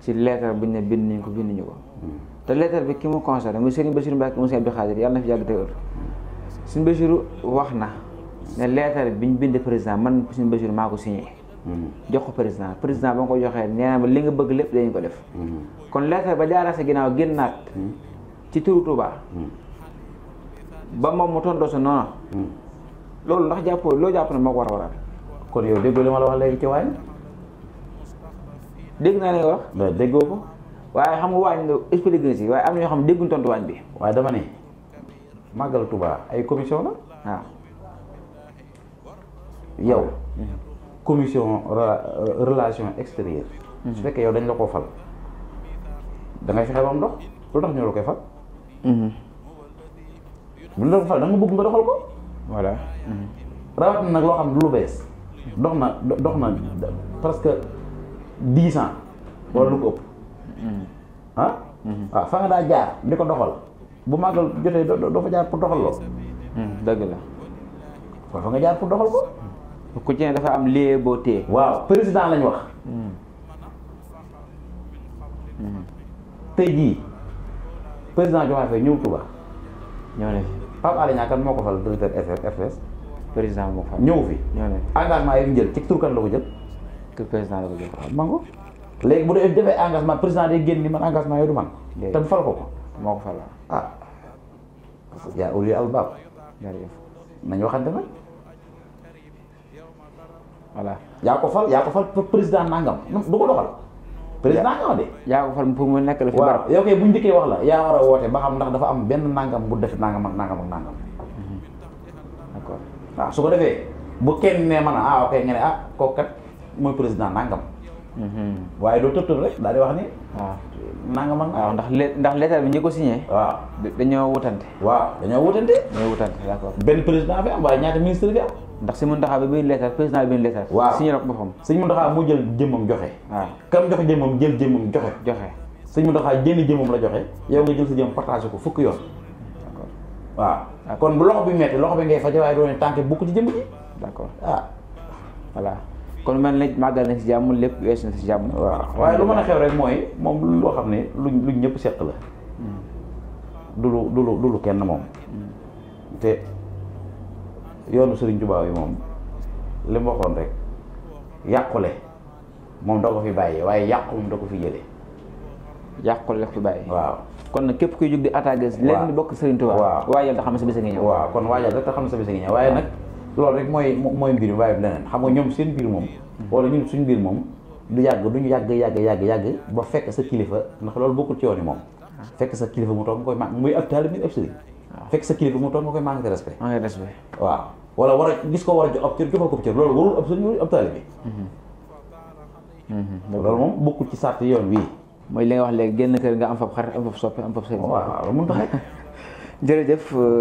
ci leetar bu ñu ne bind nañ ko bind ñu ko hmm. te leetar bi ki mu concerné muy Serigne Bassirou Mbacke mu Serigne Abdou Khadir yàlla na fi yàgg te wér Serigne Bassirou wax na ne leetar bi ñu bind président man Serigne Bassirou maa ko signé hmm. jox ko président président ba nga ko joxee nee ba li nga bëgg lépp dañu ko def hmm. kon leetar ba jaara sa ginnaaw génnaat ci turu Touba ba moom mu tontoo sa noonu loolu ndax jàppoo loo jàpp ne moo ko war a waral kon yow dégg li ma la wax léegi ci waaye dégg naa ne wax. mais déggoo ko. waaye xam nga waañ nga expliqué si waaye am na ñoo xam ne dégguñu tontu waañ bi. waaye dama ne màggal Tuubaa ay commission la. waaw. Ah. yow. commission euh, relation extérieure. Hmm. su fekkee yow dañ la koo fal. da ngay fexe ba lu tax ñu la koy fal. buñ hmm. la ko fal da nga bëgg nga doxal ko. voilà. rawatina nag loo xam lu bees. dox na dox na presque. dix ans wala lu ko ëpp hmm. ah hmm. fa nga daa jaar di ko doxal bu màggal jotee doo fa jaar pour doxal lool hmm, la fa nga jaar pour doxal ko ku ci ne dafa am lieu boo téye waaw président lañu wax tey jii président Diomaye Faye ñëw Touba ñëw na fi Pape Alé Niang kan moo ko fal directeur RTS président moo ko fal ñëw fi engagement yi mu jël ci tur kan la ko jël que président la ko jox man ko léegi bu dee defee engagement président day génni man engagement yooyu du man tam fal ko ko moo fal ah ya uli albab jërëjëf nañ waxante man wala ya ko fal ya ko fal président nangam du ko doxal président ya. nga de ya ko fal pour mo nek la fi barap yow kay buñu ñu wax la ya wara a ba xam ndax dafa am benn nangam bu def nangam ak nangam ak nangam mhm. d'accord ah su ko defé bu kenn ne man ah ok nga ah ko kat mooy président nangam. Mhm. waaye doo tëb tëb rek daal di wax ni. waaw ah. nangam ak. waaw ndax let ndax lettre bi ñi ko signé. waaw dañoo wutante. waaw dañoo wutante. dañoo wutante d'accord. benn président fi am waaye ñaata ministre fi am. ndax Sëñ Muntaxa bi bind lettre président bi bind lettre. waaw signé na ko boppam. Sëñ Muntaxa mu jël jëmmam joxe. waaw ah. kam joxe jëmmam jël jëmmam joxe. joxe Sëñ Muntaxa jënd jëmmam la joxe. yow nga jël sa jëmm partagé ko fukki yoon. waaw kon bu loxo bi metti loxo bi ngay faje waaye doo ne tànk bukk ci jëmm ji. d'accord ah voilà. kon mel ne màggal na si jàmm lépp weesu na si jàmm. Ah, waaw waaye lu mën a xew rek mooy moom loo xam ne luñ luñ ñëpp seq la. Hmm. du lu du lu du lu kenn moom. Hmm. te yoonu Serigne Touba yi moom li mu waxoon rek yàqule moom da ko fi bàyyi waaye yàqu moom da ko fi jëlee. yàqule da ko fi bàyyi. waaw kon nag képp kuy jóg di attaqué. waaw lenn bokk Serigne Touba. waaw waajal da xam ne sa bés a waaw kon waajal da xam ne sa bés waaye nag. loolu rek mooy mooy mbir mi waaye leneen xam nga ñoom seen mbir moom wala ñun suñ mbir moom du yàgg duñu yàgg yàgg yàgg yàgg ba fekk sa kilifa ndax loolu bokkul ci yoon yi moom fekk sa kilifa mu toog nga koy manqué muy mu toog nga koy manqué respect a gis ko war a jox ab cër joxal ko cër loolu warul mm-hmm. Mm-hmm. moom bokkul ci sart yoon wii mooy li nga wax léegi génn kër nga am fab xar am fab soppe am fab sëriñ waaw waaw mënu tax rek jërëjëf euh,